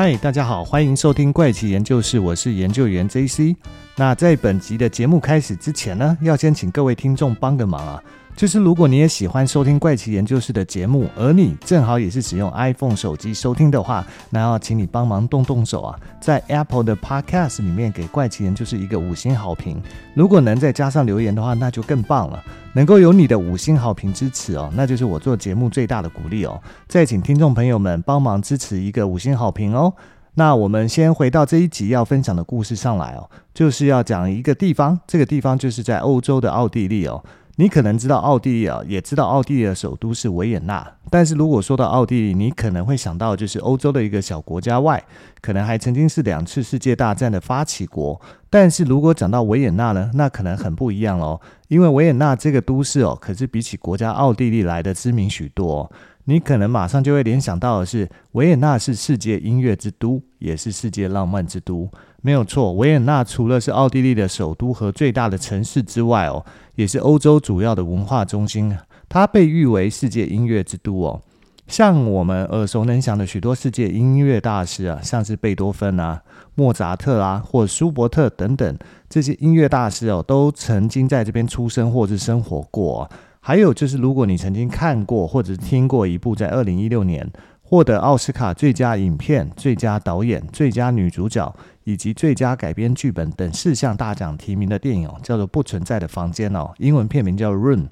嗨，Hi, 大家好，歡迎收聽怪奇研究室，我是研究員 J.C。那在本集的節目開始之前呢，要先請各位聽眾幫個忙啊，就是如果你也喜歡收聽怪奇研究室的節目，而你正好也是使用 iPhone 手機收聽的話，那要請你幫忙動動手啊，在 Apple 的 Podcast 裡面給怪奇研究室一個五星好評。如果能再加上留言的話，那就更棒了。能夠有你的五星好評支持哦，那就是我做節目最大的鼓勵哦。再請聽眾朋友們幫忙支持一個五星好評哦。那我們先回到這一集要分享的故事上來哦，就是要講一個地方，這個地方就是在歐洲的奧地利哦。你可能知道奧地利啊、哦，也知道奧地利的首都是維也納。但是如果說到奧地利，你可能會想到就是歐洲的一個小國家外，可能還曾經是兩次世界大戰的發起國。但是如果講到維也納呢，那可能很不一樣哦，因為維也納這個都市哦，可是比起國家奧地利來的知名許多、哦。你可能馬上就會聯想到的是，維也納是世界音樂之都，也是世界浪漫之都。沒有錯，維也納除了是奧地利的首都和最大的城市之外，哦，也是歐洲主要的文化中心。它被譽為世界音樂之都哦。像我們耳熟能詳的許多世界音樂大師啊，像是貝多芬啊、莫扎特啊，或舒伯特等等這些音樂大師哦，都曾經在這邊出生或是生活過哦。還有就是，如果你曾經看過或者聽過一部在二零一六年獲得奧斯卡最佳影片、最佳導演、最佳女主角以及最佳改編劇本等四項大獎提名的電影，叫做《不存在的房間》哦，英文片名叫《Room》，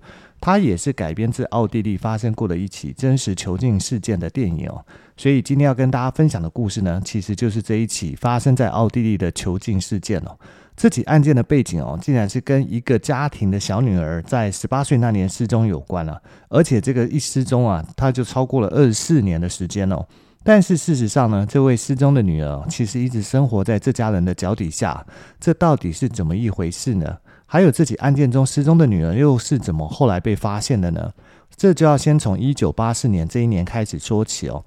它也是改編自奧地利發生過的一起真實囚禁事件的電影哦。所以今天要跟大家分享的故事呢，其實就是這一起發生在奧地利的囚禁事件哦。這起案件的背景哦，竟然是跟一個家庭的小女兒在十八歲那年失蹤有關了啊，而且這個一失蹤啊，她就超過了二十四年的時間哦。但是事實上呢，這位失蹤的女兒其實一直生活在這家人的腳底下，這到底是怎麼一回事呢？還有這起案件中失蹤的女兒又是怎麼後來被發現的呢？這就要先從一九八四年這一年開始說起哦。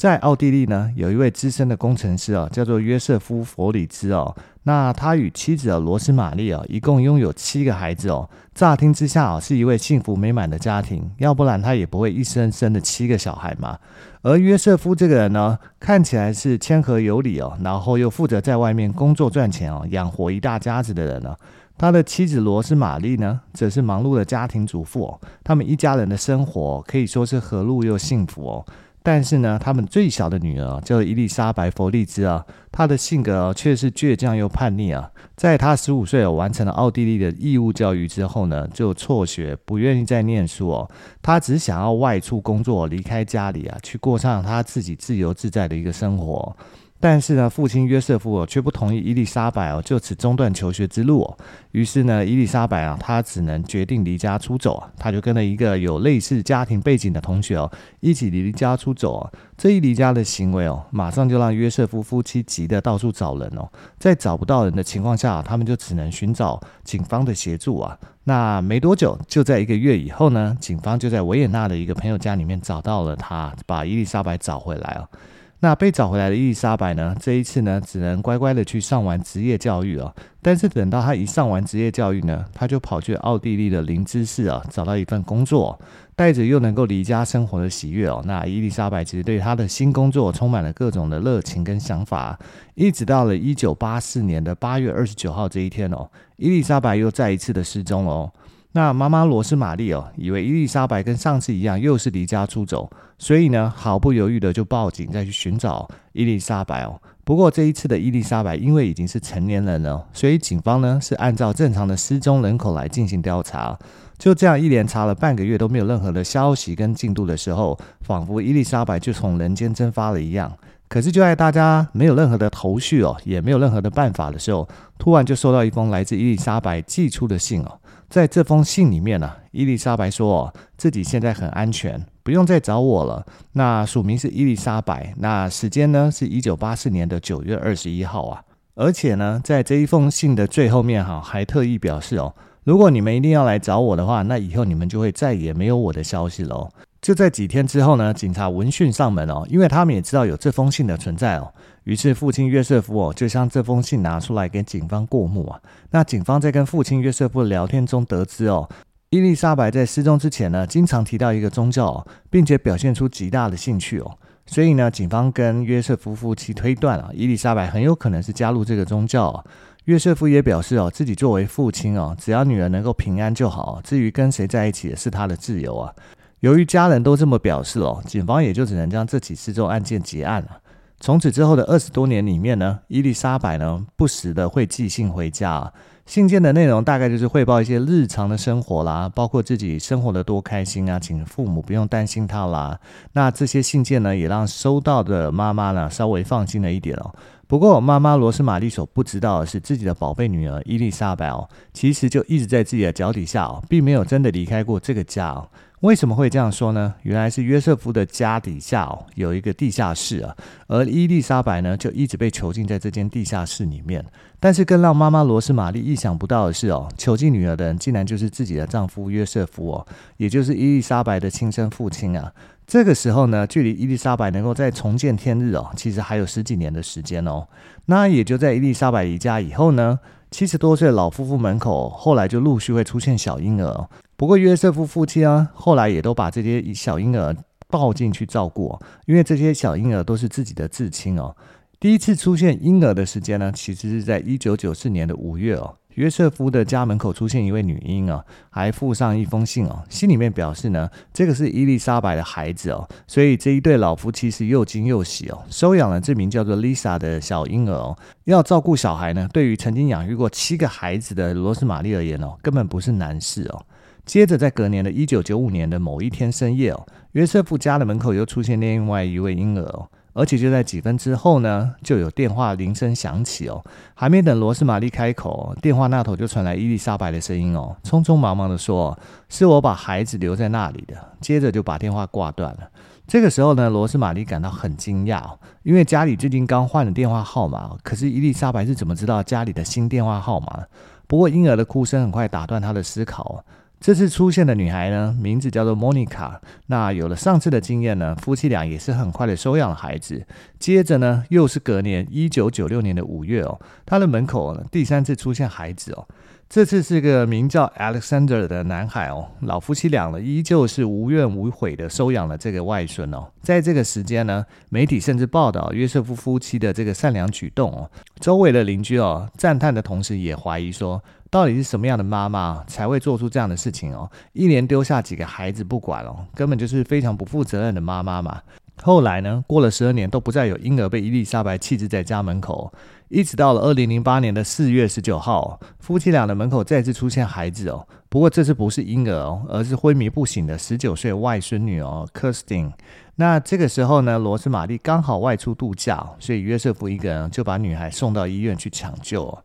在奧地利呢，有一位資深的工程師啊、哦，叫做約瑟夫·佛里茲哦。那他與妻子羅斯瑪麗啊、哦，一共擁有七個孩子哦。乍聽之下啊，是一位幸福美滿的家庭，要不然他也不會一生生的七個小孩嘛。而約瑟夫這個人呢，看起來是謙和有禮哦，然後又負責在外面工作賺錢哦，養活一大家子的人呢、哦。他的妻子羅斯瑪麗呢，則是忙碌的家庭主婦哦。他們一家人的生活、哦、可以說是和睦又幸福哦。但是呢，他們最小的女兒叫、啊、伊麗莎白·弗利茲啊，她的性格哦、啊、卻是倔強又叛逆啊。在她十五歲、哦、完成了奧地利的義務教育之後呢，就輟學，不願意再念書哦。她只想要外出工作，離開家裡啊，去過上她自己自由自在的一個生活。但是呢，父親約瑟夫哦，卻不同意伊麗莎白哦就此中斷求學之路哦。於是呢，伊麗莎白啊，她只能決定離家出走。她就跟了一個有類似家庭背景的同學哦一起離家出走啊。這一離家的行為哦，馬上就讓約瑟夫夫妻急得到處找人哦。在找不到人的情況下，他們就只能尋找警方的協助啊。那沒多久，就在一個月以後呢，警方就在維也納的一個朋友家裡面找到了他，把伊麗莎白找回來那被找回來的伊麗莎白呢？這一次呢，只能乖乖的去上完職業教育哦。但是等到她一上完職業教育呢，她就跑去奧地利的林茲市啊，找到一份工作，帶着又能夠離家生活的喜悅哦。那伊麗莎白其實對她的新工作充滿了各種的熱情跟想法。一直到了一九八四年的八月二十九號這一天哦，伊麗莎白又再一次的失蹤哦。那媽媽羅斯瑪麗哦，以為伊麗莎白跟上次一樣又是離家出走，所以呢，毫不猶豫的就報警再去尋找伊麗莎白哦。不過這一次的伊麗莎白因為已經是成年人了，所以警方呢是按照正常的失蹤人口來進行調查。就這樣一連查了半個月都沒有任何的消息跟進度的時候，仿佛伊麗莎白就從人間蒸發了一樣。可是就在大家沒有任何的頭緒哦，也沒有任何的辦法的時候，突然就收到一封來自伊麗莎白寄出的信哦。在這封信裡面呢、啊，伊麗莎白說、哦、自己現在很安全，不用再找我了。那署名是伊麗莎白，那時間呢是一九八四年的九月二十一號啊。而且呢，在這一封信的最後面哈、啊，還特意表示哦，如果你們一定要來找我的話，那以後你們就會再也沒有我的消息嘍。就在幾天之後呢，警察聞訊上門哦，因為他們也知道有這封信的存在哦。於是，父親約瑟夫哦，就將這封信拿出來給警方過目啊。那警方在跟父親約瑟夫的聊天中得知哦，伊麗莎白在失蹤之前呢，經常提到一個宗教哦，並且表現出極大的興趣哦。所以呢，警方跟約瑟夫夫妻推斷啊，伊麗莎白很有可能是加入這個宗教哦。約瑟夫也表示哦，自己作為父親哦，只要女兒能夠平安就好，至於跟誰在一起也是她的自由啊。由於家人都這麼表示哦，警方也就只能將這起失蹤案件結案了啊。從此之後的二十多年裡面呢，伊麗莎白呢不時的會寄信回家啊。信件的內容大概就是匯報一些日常的生活啦，包括自己生活得多開心啊，請父母不用擔心她啦。那這些信件呢，也讓收到的媽媽呢稍微放心了一點哦。不過，媽媽羅斯瑪麗所不知道的是，自己的寶貝女兒伊麗莎白哦，其實就一直在自己的腳底下哦，並沒有真的離開過這個家哦。為什麼會這樣說呢？原來是約瑟夫的家底下哦，有一個地下室啊，而伊麗莎白呢，就一直被囚禁在這間地下室裡面。但是，更讓媽媽羅斯瑪麗意想不到的是哦，囚禁女兒的人竟然就是自己的丈夫約瑟夫哦，也就是伊麗莎白的親生父親啊。這個時候呢，距離伊麗莎白能夠再重見天日哦，其實還有十幾年的時間哦。那也就在伊麗莎白離家以後呢，七十多歲的老夫婦門口，後來就陸續會出現小嬰兒哦。不過約瑟夫夫妻啊，後來也都把這些小嬰兒抱進去照顧，因為這些小嬰兒都是自己的至親哦。第一次出現嬰兒的時間呢，其實是在一九九四年的五月哦。約瑟夫的家門口出現一位女嬰哦，還附上一封信哦，信裡面表示呢，這個是伊麗莎白的孩子哦，所以這一對老夫妻是又驚又喜哦，收養了這名叫做 Lisa 的小嬰兒哦，要照顧小孩呢，對於曾經養育過七個孩子的羅斯瑪麗而言哦，根本不是難事哦。接着在隔年的一九九五年的某一天深夜哦，約瑟夫家的門口又出現另外一位嬰兒哦。而且就在幾分之後呢，就有電話鈴聲響起哦。還沒等羅斯瑪麗開口，電話那頭就傳來伊麗莎白的聲音哦，匆匆忙忙地說：“是我把孩子留在那裡的。”接着就把電話掛斷了。這個時候呢，羅斯瑪麗感到很驚訝，因為家裡最近剛換了電話號碼，可是伊麗莎白是怎麼知道家裡的新電話號碼？不過嬰兒的哭聲很快打斷她的思考。這次出現的女孩呢，名字叫做 Monica。那有了上次的經驗呢，夫妻倆也是很快的收養了孩子。接着呢，又是隔年一九九六年的五月哦，他的門口第三次出現孩子哦。這次是個名叫 Alexander 的男孩哦。老夫妻倆呢，依舊是無怨無悔的收養了這個外孫哦。在這個時間呢，媒體甚至報道約瑟夫夫妻的這個善良舉動哦，周圍的鄰居哦讚嘆的同時，也懷疑說。到底是什麼樣的媽媽才會做出這樣的事情哦？一連丟下幾個孩子不管哦，根本就是非常不負責任的媽媽嘛。後來呢，過了十二年都不再有嬰兒被伊麗莎白棄置在家門口，一直到了二零零八年的四月十九號，夫妻倆的門口再次出現孩子哦，不過這次不是嬰兒哦，而是昏迷不醒的十九歲外孫女哦，科斯汀。那這個時候呢，羅斯瑪麗剛好外出度假，所以約瑟夫一個人就把女孩送到醫院去搶救。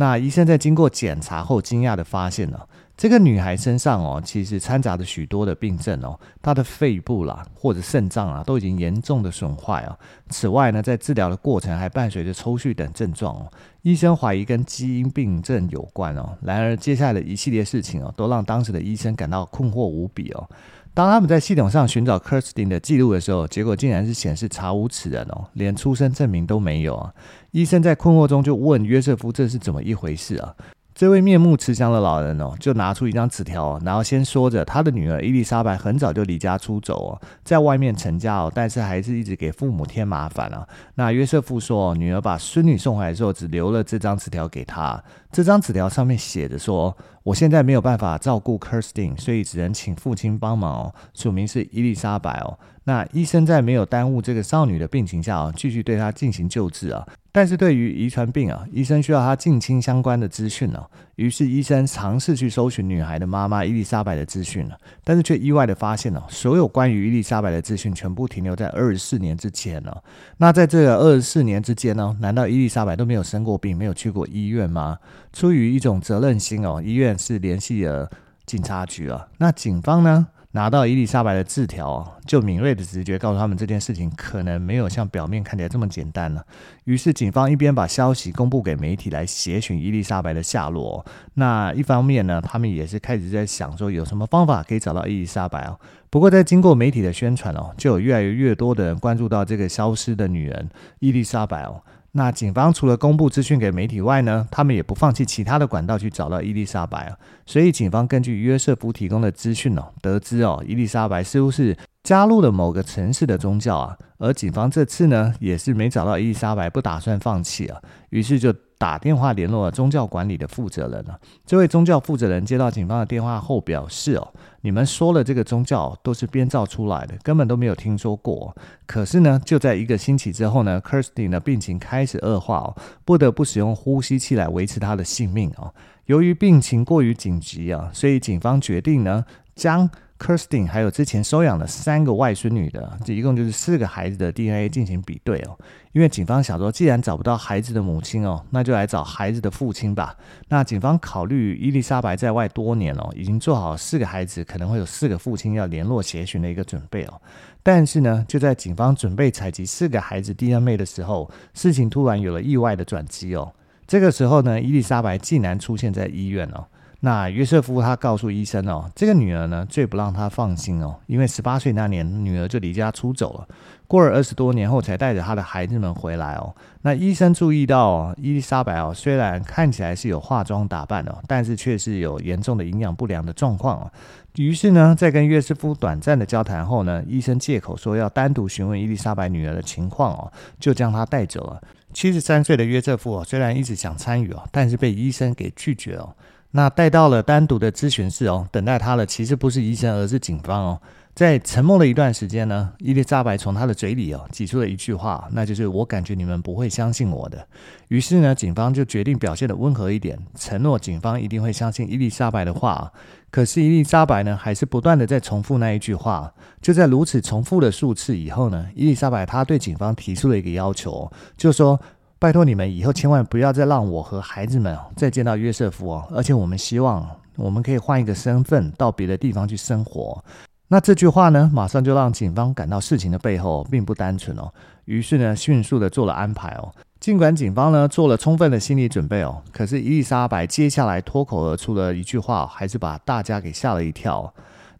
那醫生在經過檢查後，驚訝地發現，這個女孩身上哦，其實摻雜着許多的病症哦，她的肺部啦或者腎臟啊都已經嚴重的損壞。此外呢，在治療的過程還伴隨着抽搐等症狀哦。醫生懷疑跟基因病症有關哦。然而接下來的一系列事情哦，都讓當時的醫生感到困惑無比哦。當他們在系統上尋找克爾斯汀的記錄的時候，結果竟然是顯示查無此人哦，連出生證明都沒有啊！醫生在困惑中就問約瑟夫：“這是怎麼一回事啊？”這位面目慈祥的老人哦，就拿出一張紙條，然後先說着他的女兒伊麗莎白很早就離家出走哦，在外面成家哦，但是還是一直給父母添麻煩啊，那約瑟夫說：“女兒把孫女送回來之後，只留了這張紙條給他。這張紙條上面寫着說。”我現在沒有辦法照顧 Kirsten，所以只能請父親幫忙哦。署名是伊麗莎白哦。那醫生在沒有耽誤這個少女的病情下哦，繼續對她進行救治啊。但是對於遺傳病啊，醫生需要她近親相關的資訊哦、啊。於是醫生嘗試去搜尋女孩的媽媽伊麗莎白的資訊、啊、但是卻意外的發現哦、啊，所有關於伊麗莎白的資訊全部停留在二十四年之前哦、啊。那在這個二十四年之間呢、啊，難道伊麗莎白都沒有生過病，沒有去過醫院嗎？出於一種責任心哦，醫院，是聯繫了警察局啊，那警方呢，拿到伊麗莎白的字條，就敏銳的直覺告訴他們這件事情可能沒有像表面看起來這麼簡單了、啊。於是警方一邊把消息公布給媒體來協尋伊麗莎白的下落，那一方面呢，他們也是開始在想說有什麼方法可以找到伊麗莎白哦、啊。不過在經過媒體的宣傳哦、啊，就有越來越多的人關注到這個消失的女人伊麗莎白哦、啊。那警方除了公布資訊給媒體外呢，他們也不放棄其他的管道去找到伊麗莎白啊。所以警方根據約瑟夫提供的資訊呢，哦，得知哦，伊麗莎白似乎是加入了某個城市的宗教啊。而警方這次呢，也是沒找到伊麗莎白，不打算放棄啊，於是就。打電話聯絡了宗教管理的負責人啊，這位宗教負責人接到警方的電話後表示：“哦，你們說的這個宗教都是編造出來的，根本都沒有聽說過。”可是呢，就在一個星期之後呢，Kirsty 呢病情開始惡化，不得不使用呼吸器來維持他的性命啊。由於病情過於緊急啊，所以警方決定呢將。Kirsten 還有之前收養的三個外孫女的，這一共就是四個孩子的 DNA 進行比對哦。因為警方想說，既然找不到孩子的母親哦，那就來找孩子的父親吧。那警方考慮伊麗莎白在外多年哦，已經做好四個孩子可能會有四個父親要聯絡協尋的一個準備哦。但是呢，就在警方準備採集四個孩子 DNA 的時候，事情突然有了意外的轉機哦。這個時候呢，伊麗莎白竟然出現在醫院哦。那約瑟夫他告訴醫生哦，這個女兒呢最不讓他放心哦，因為十八歲那年女兒就離家出走了，過了二十多年後才帶着她的孩子們回來哦。那醫生注意到伊麗莎白哦，雖然看起來是有化妝打扮哦，但是卻是有嚴重的營養不良的狀況哦。於是呢，在跟約瑟夫短暫的交談後呢，醫生借口說要單獨詢問伊麗莎白女兒的情況哦，就將她帶走了。七十三歲的約瑟夫哦，雖然一直想參與哦，但是被醫生給拒絕哦。那帶到了單獨的諮詢室哦，等待他的其實不是醫生，而是警方哦。在沉默了一段時間呢，伊麗莎白從他的嘴裡哦擠出了一句話，那就是“我感覺你們不會相信我的”。於是呢，警方就決定表現得溫和一點，承諾警方一定會相信伊麗莎白的話。可是伊麗莎白呢，還是不斷地在重複那一句話。就在如此重複了數次以後呢，伊麗莎白她對警方提出了一個要求，就說。拜託你們，以後千萬不要再讓我和孩子們再見到約瑟夫哦！而且我們希望，我們可以換一個身份到別的地方去生活。那這句話呢，馬上就讓警方感到事情的背後並不單純哦。於是呢，迅速的做了安排哦。儘管警方呢做了充分的心理準備哦，可是伊麗莎白接下來脫口而出的一句話，哦，還是把大家給嚇了一跳。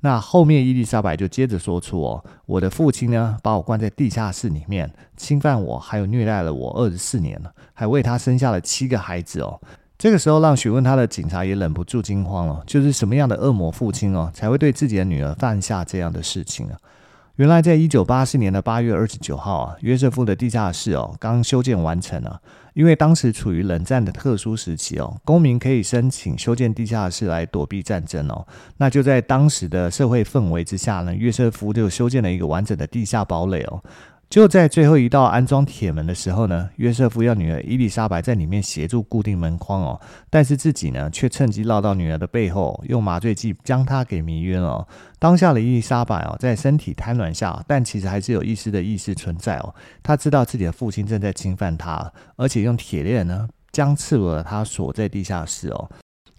那後面伊麗莎白就接着說出哦，我的父親呢，把我關在地下室裡面，侵犯我，還有虐待了我二十四年了，還為他生下了七個孩子哦。這個時候讓詢問他的警察也忍不住驚慌了，就是什麼樣的惡魔父親哦，才會對自己的女兒犯下這樣的事情呢、啊？原來，在一九八四年的八月二十九號啊，約瑟夫的地下室哦，剛修建完成了。因為當時處於冷戰的特殊時期哦，公民可以申請修建地下室來躲避戰爭哦。那就在當時的社會氛圍之下呢，約瑟夫就修建了一個完整的地下堡壘哦。就在最後一道安裝鐵門的時候呢，約瑟夫要女兒伊麗莎白在裡面協助固定門框哦，但是自己呢卻趁機繞到女兒的背後，用麻醉劑將她給迷暈了哦。當下的伊麗莎白哦，在身體癱軟下，但其實還是有一絲的意識存在哦。她知道自己的父親正在侵犯她，而且用鐵鏈呢將赤裸的她鎖在地下室哦。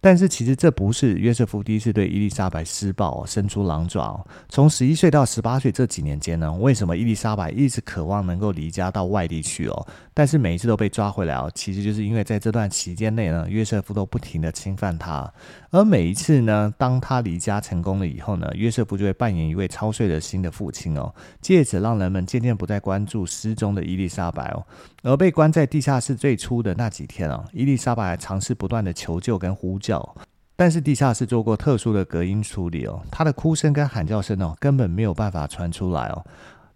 但是其實這不是約瑟夫第一次對伊麗莎白施暴哦，伸出狼爪哦。從十一歲到十八歲這幾年間呢，為什麼伊麗莎白一直渴望能夠離家到外地去哦？但是每一次都被抓回來哦，其實就是因為在這段期間內呢，約瑟夫都不停的侵犯她，而每一次呢，當他離家成功了以後呢，約瑟夫就會扮演一位操碎了心的父親哦，借此讓人們漸漸不再關注失蹤的伊麗莎白哦，而被關在地下室最初的那幾天哦，伊麗莎白還嘗試不斷的求救跟呼叫，但是地下室做過特殊的隔音處理哦，她的哭聲跟喊叫聲哦，根本沒有辦法傳出來哦。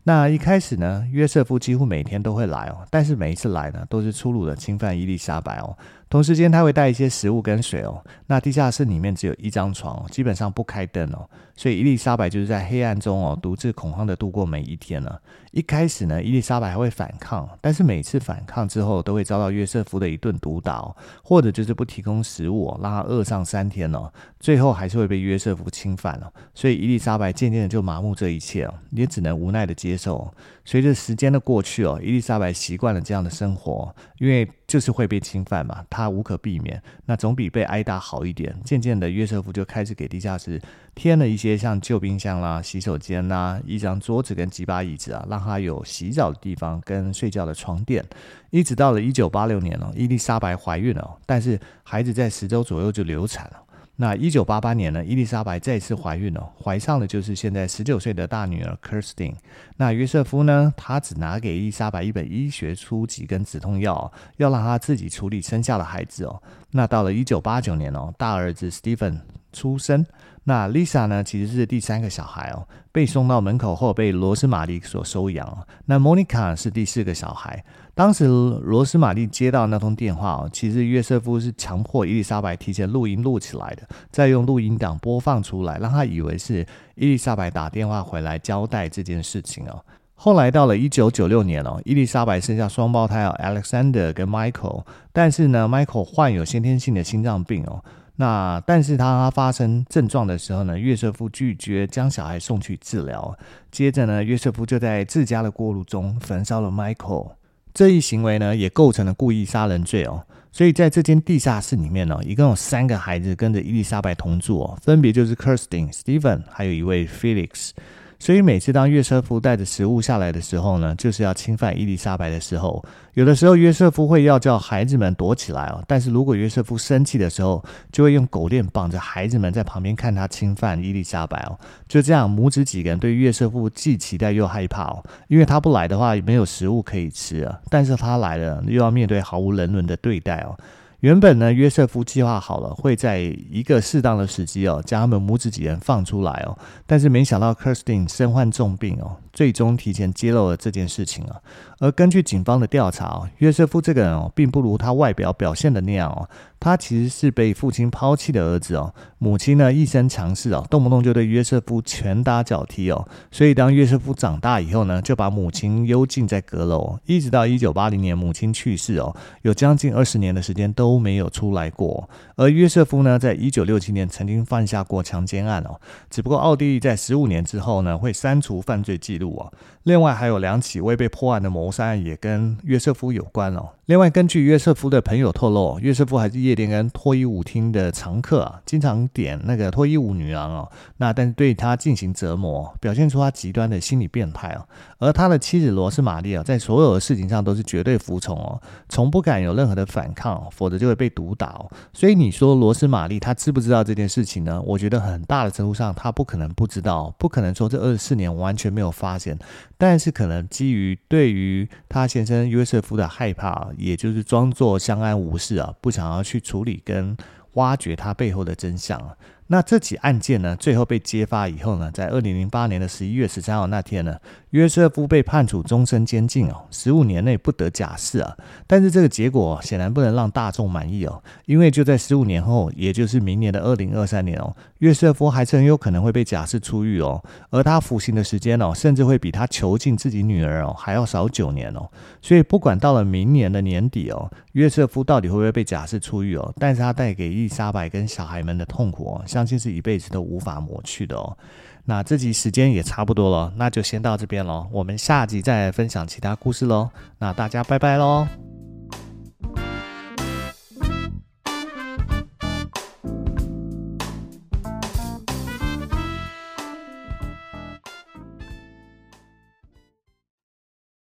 那一開始呢，約瑟夫幾乎每天都會來哦，但是每一次來呢，都是粗魯的侵犯伊麗莎白哦。同時間，他會帶一些食物跟水哦。那地下室裡面只有一張床，基本上不開燈哦。所以伊麗莎白就是在黑暗中哦，獨自恐慌的度過每一天了、啊。一開始呢，伊麗莎白還會反抗，但是每次反抗之後，都會遭到約瑟夫的一頓毒打、哦，或者就是不提供食物、哦，讓他餓上三天哦。最後還是會被約瑟夫侵犯了、哦。所以伊麗莎白漸漸的就麻木這一切了、哦，也只能無奈的接受、哦。隨着時間的過去哦，伊麗莎白習慣了這樣的生活，因為就是會被侵犯嘛。他。他無可避免，那總比被挨打好一點。漸漸的，約瑟夫就開始給地下室添了一些像舊冰箱啦、啊、洗手間啦、啊、一張桌子跟幾把椅子啊，讓他有洗澡的地方跟睡覺的床墊。一直到了一九八六年哦，伊麗莎白懷孕了，但是孩子在十周左右就流產了。那一九八八年呢，伊麗莎白再次懷孕了，哦，懷上的就是現在十九歲的大女兒 Kirsten。那約瑟夫呢，他只拿給伊麗莎白一本醫學書籍跟止痛藥，要讓她自己處理生下的孩子哦。那到了一九八九年哦，大兒子 Stephen 出生，那 Lisa 呢？其實是第三個小孩哦。被送到門口後，被羅斯瑪麗所收養。那 Monica 是第四個小孩。當時羅斯瑪麗接到那通電話哦，其實約瑟夫是強迫伊麗莎白提前錄音錄起來的，再用錄音檔播放出來，讓她以為是伊麗莎白打電話回來交代這件事情哦。後來到了一九九六年哦，伊麗莎白生下雙胞胎哦，Alexander 跟 Michael。但是呢，Michael 患有先天性的心臟病哦。那但是他發生症狀的時候呢，約瑟夫拒絕將小孩送去治療。接着呢，約瑟夫就在自家的鍋爐中焚燒了 Michael。這一行為呢，也構成了故意殺人罪哦。所以在這間地下室裡面呢、哦，一共有三個孩子跟着伊麗莎白同住、哦，分別就是 Kirsten、Stephen 還有一位 Felix。所以每次當約瑟夫帶着食物下來的時候呢，就是要侵犯伊麗莎白的時候，有的時候約瑟夫會要叫孩子們躲起來哦。但是如果約瑟夫生氣的時候，就會用狗鏈綁着孩子們在旁邊看他侵犯伊麗莎白哦。就這樣，母子幾個人對約瑟夫既期待又害怕哦，因為他不來的話沒有食物可以吃啊，但是他來了又要面對毫無人倫的對待哦。原本呢，約瑟夫計劃好了會在一個適當的時機哦，將他們母子幾人放出來哦，但是沒想到克莉絲汀身患重病哦。最終提前揭露了這件事情啊，而根據警方的調查，約瑟夫這個人哦，並不如他外表表現的那樣哦，他其實是被父親拋棄的兒子哦。母親呢一生強勢哦，動不動就對約瑟夫拳打腳踢哦。所以當約瑟夫長大以後呢，就把母親幽禁在閣樓，一直到一九八零年母親去世哦，有將近二十年的時間都沒有出來過。而約瑟夫呢，在一九六七年曾經犯下過強姦案哦，只不過奧地利在十五年之後呢，會刪除犯罪記錄。另外還有兩起未被破案的謀殺案也跟約瑟夫有關了哦。另外，根據約瑟夫的朋友透露，約瑟夫還是夜店跟脫衣舞廳的常客啊，經常點那個脫衣舞女郎哦，那但是對他進行折磨，表現出他極端的心理變態哦。而他的妻子羅斯瑪麗啊，在所有的事情上都是絕對服從哦，從不敢有任何的反抗，否則就會被毒打。所以你說羅斯瑪麗她知不知道這件事情呢？我覺得很大的程度上她不可能不知道，不可能說這二十四年完全沒有發現。但是可能基於對於他先生約瑟夫的害怕。也就是裝作相安無事啊，不想要去處理跟挖掘它背後的真相啊。那這起案件呢，最後被揭發以後呢，在二零零八年的十一月十三號那天呢，約瑟夫被判處終身監禁哦，十五年內不得假釋啊。但是這個結果顯然不能讓大眾滿意哦，因為就在十五年後，也就是明年的二零二三年哦，約瑟夫還是很有可能會被假釋出獄哦，而他服刑的時間哦，甚至會比他囚禁自己女兒哦還要少九年哦。所以不管到了明年的年底哦，約瑟夫到底會不會被假釋出獄哦，但是他帶給伊麗莎白跟小孩們的痛苦哦。相信是一輩子都無法抹去的哦。那這集時間也差不多了，那就先到這邊嘍。我們下集再分享其他故事嘍。那大家拜拜嘍。